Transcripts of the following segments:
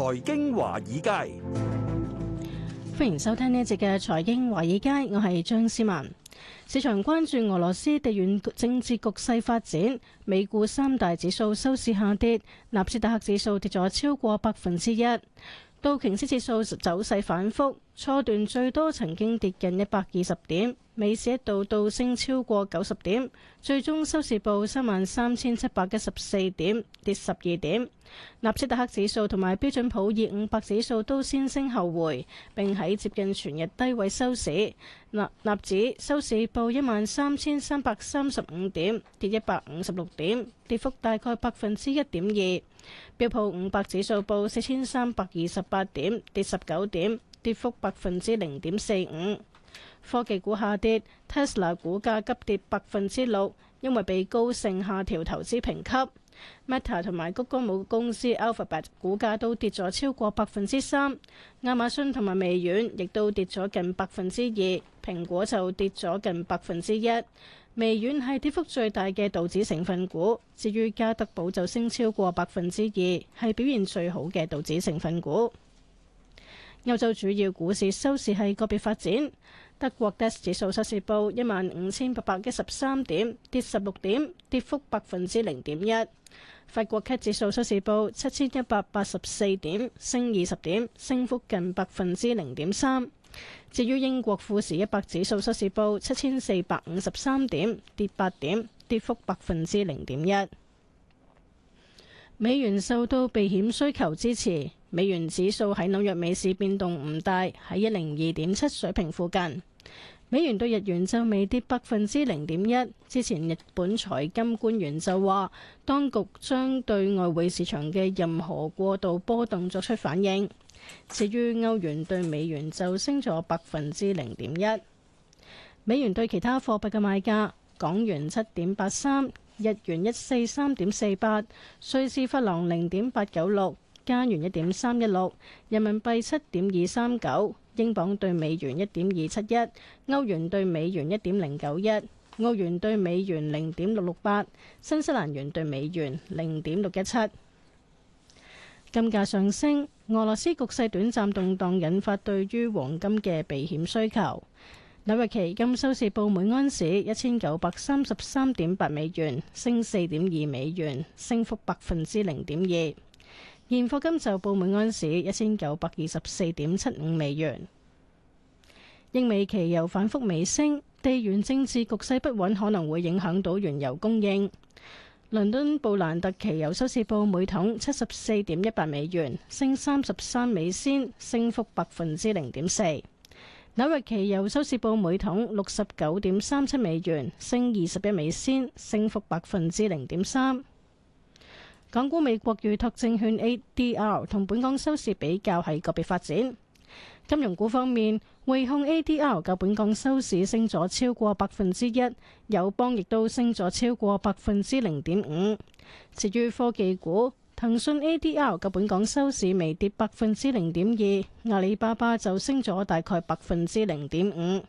財經華爾街，歡迎收聽呢一節嘅財經華爾街，我係張思文。市場關注俄羅斯地緣政治局勢發展，美股三大指數收市下跌，納斯達克指數跌咗超過百分之一，道瓊斯指數走勢反復。初段最多曾經跌近一百二十點，尾市一度倒升超過九十點，最終收市報三萬三千七百一十四點，跌十二點。納斯達克指數同埋標準普爾五百指數都先升後回，並喺接近全日低位收市。納納指收市報一萬三千三百三十五點，跌一百五十六點，跌幅大概百分之一點二。標普五百指數報四千三百二十八點，跌十九點。跌幅百分之零點四五，科技股下跌，Tesla 股價急跌百分之六，因為被高盛下調投資評級。Meta 同埋谷歌母公司 Alphabet 股價都跌咗超過百分之三，亞馬遜同埋微軟亦都跌咗近百分之二，蘋果就跌咗近百分之一。微軟係跌幅最大嘅道指成分股，至於家得寶就升超過百分之二，係表現最好嘅道指成分股。歐洲主要股市收市係個別發展，德國 DAX 指數收市報一萬五千八百一十三點，跌十六點，跌幅百分之零點一。法國 CAC 指數收市報七千一百八十四點，升二十點，升幅近百分之零點三。至於英國富時一百指數收市報七千四百五十三點，跌八點，跌幅百分之零點一。美元受到避險需求支持。美元指數喺紐約美市變動唔大，喺一零二點七水平附近。美元對日元就未跌百分之零點一。之前日本財金官員就話，當局將對外匯市場嘅任何過度波動作出反應。至於歐元對美元就升咗百分之零點一。美元對其他貨幣嘅賣價：港元七點八三，日元一四三點四八，瑞士法郎零點八九六。加元一點三一六，人民幣七點二三九，英鎊兌美元一點二七一，歐元兌美元一點零九一，澳元兌美元零點六六八，新西蘭元兌美元零點六一七。金價上升，俄羅斯局勢短暫動盪引發對於黃金嘅避險需求。紐約期金收市報每安士一千九百三十三點八美元，升四點二美元，升幅百分之零點二。現貨金就報每安士一千九百二十四點七五美元，英美期油反復微升，地緣政治局勢不穩可能會影響到原油供應。倫敦布蘭特期油收市報每桶七十四點一八美元，升三十三美仙，升幅百分之零點四。紐約期油收市報每桶六十九點三七美元，升二十一美仙，升幅百分之零點三。港股、美國預託證券 A D R 同本港收市比較係個別發展。金融股方面，匯控 A D R 較本港收市升咗超過百分之一，友邦亦都升咗超過百分之零點五。至於科技股，騰訊 A D R 較本港收市微跌百分之零點二，阿里巴巴就升咗大概百分之零點五。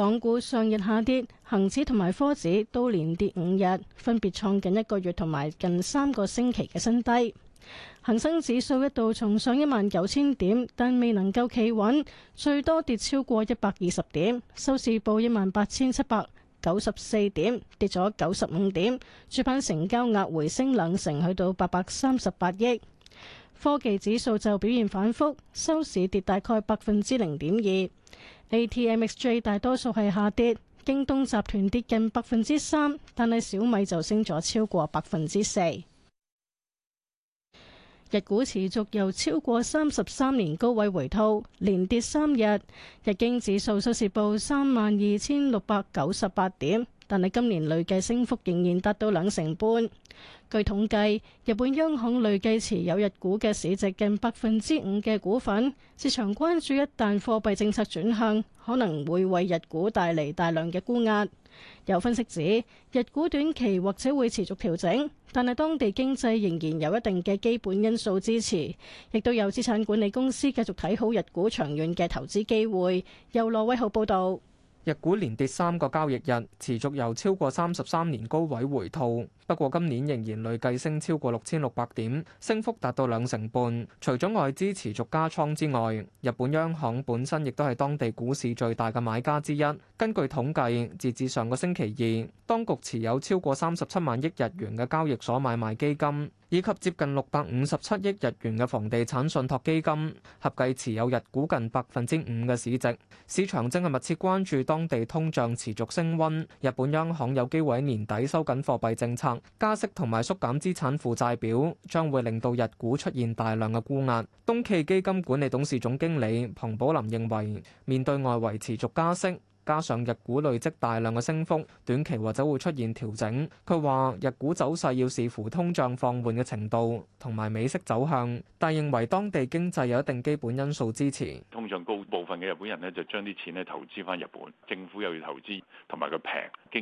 港股上日下跌，恒指同埋科指都連跌五日，分別創近一個月同埋近三個星期嘅新低。恒生指數一度重上一萬九千點，但未能夠企穩，最多跌超過一百二十點，收市報一萬八千七百九十四點，跌咗九十五點。主板成交額回升兩成，去到八百三十八億。科技指數就表現反覆，收市跌大概百分之零點二。ATMX 最大多數係下跌，京東集團跌近百分之三，但係小米就升咗超過百分之四。日股持續由超過三十三年高位回吐，連跌三日。日經指數收市報三萬二千六百九十八點，但係今年累計升幅仍然達到兩成半。據統計，日本央行累計持有日股嘅市值近百分之五嘅股份。市場關注一旦貨幣政策轉向，可能會為日股帶嚟大量嘅沽壓。有分析指，日股短期或者會持續調整，但係當地經濟仍然有一定嘅基本因素支持，亦都有資產管理公司繼續睇好日股長遠嘅投資機會。由羅威浩報道。日股連跌三個交易日，持續由超過三十三年高位回吐。不過今年仍然累計升超過六千六百點，升幅達到兩成半。除咗外資持續加倉之外，日本央行本身亦都係當地股市最大嘅買家之一。根據統計，截至上個星期二，當局持有超過三十七萬億日元嘅交易所買賣基金，以及接近六百五十七億日元嘅房地產信託基金，合計持有日股近百分之五嘅市值。市場正係密切關注當地通脹持續升温，日本央行有機會喺年底收緊貨幣政策，加息同埋縮減資產負債表，將會令到日股出現大量嘅沽壓。東驥基金管理董事總經理龐寶林認為，面對外圍持續加息。加上日股累積大量嘅升幅，短期或者會出現調整。佢話：日股走勢要視乎通脹放緩嘅程度同埋美息走向，但係認為當地經濟有一定基本因素支持。通脹高，部分嘅日本人呢，就將啲錢呢，投資翻日本，政府又要投資，同埋佢平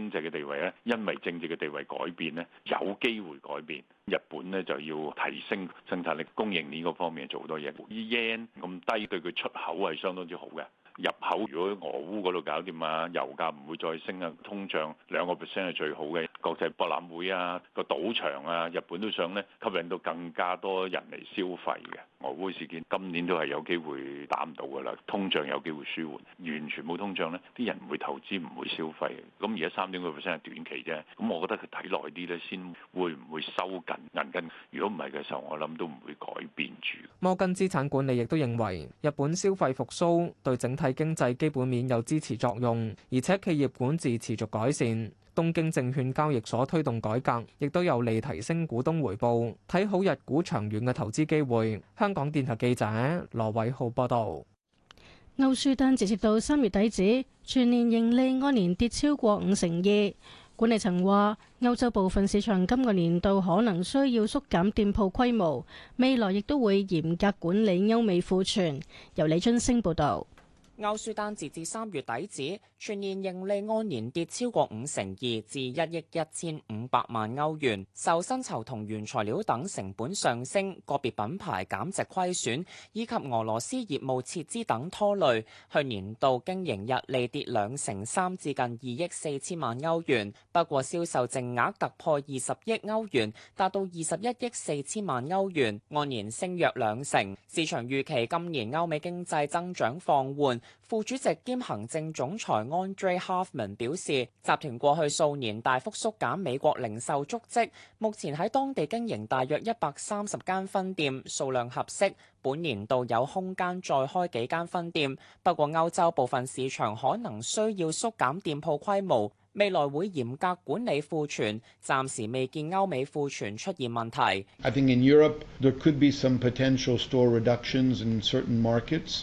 經濟嘅地位呢，因為政治嘅地位改變呢，有機會改變。日本呢，就要提升生產力、供應鏈嗰方面做好多嘢。依 yen 咁低，對佢出口係相當之好嘅。入口如果喺俄烏嗰度搞掂啊，油價唔會再升啊，通脹兩個 percent 係最好嘅。國際博覽會啊，個賭場啊，日本都想咧吸引到更加多人嚟消費嘅。俄烏事件今年都係有機會打唔到㗎啦，通脹有機會舒緩，完全冇通脹咧，啲人唔會投資，唔會消費。咁而家三點幾 percent 係短期啫，咁我覺得佢睇耐啲咧，先會唔會收緊銀根？如果唔係嘅時候，我諗都唔會改變住。摩根資產管理亦都認為，日本消費復甦對整體。經濟基本面有支持作用，而且企業管治持續改善。東京證券交易所推動改革，亦都有利提升股東回報，睇好日股長遠嘅投資機會。香港電台記者羅偉浩報道。歐舒丹截至三月底止，全年盈利按年跌超過五成二。管理層話，歐洲部分市場今個年度可能需要縮減店鋪規模，未來亦都會嚴格管理歐美庫存。由李津升報道。歐舒丹截至三月底止，全年盈利按年跌超過五成二，至一億一千五百萬歐元。受薪酬同原材料等成本上升、個別品牌減值虧損以及俄羅斯業務撤資等拖累，去年度經營溢利跌兩成三，至近二億四千萬歐元。不過銷售淨額突破二十億歐元，達到二十一億四千萬歐元，按年升約兩成。市場預期今年歐美經濟增長放緩。副主席兼行政總裁 Andre Huffman 表示，集團過去數年大幅縮減美國零售足迹，目前喺當地經營大約一百三十間分店，數量合適，本年度有空間再開幾間分店。不過歐洲部分市場可能需要縮減店鋪規模，未來會嚴格管理庫存，暫時未見歐美庫存出現問題。I think in Europe there could be some potential store reductions in certain markets.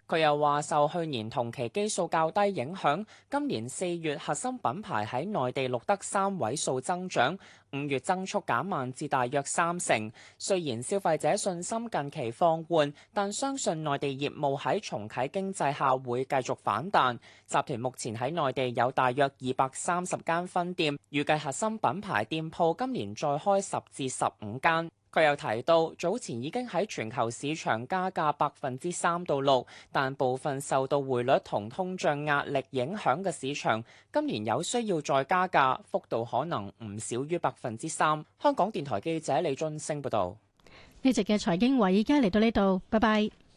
佢又話，受去年同期基數較低影響，今年四月核心品牌喺內地錄得三位數增長，五月增速減慢至大約三成。雖然消費者信心近期放緩，但相信內地業務喺重啟經濟下會繼續反彈。集團目前喺內地有大約二百三十間分店，預計核心品牌店鋪今年再開十至十五間。佢又提到，早前已經喺全球市場加價百分之三到六，6，但部分受到匯率同通脹壓力影響嘅市場，今年有需要再加價，幅度可能唔少於百分之三。香港電台記者李俊升報導。呢集嘅財經話而家嚟到呢度，拜拜。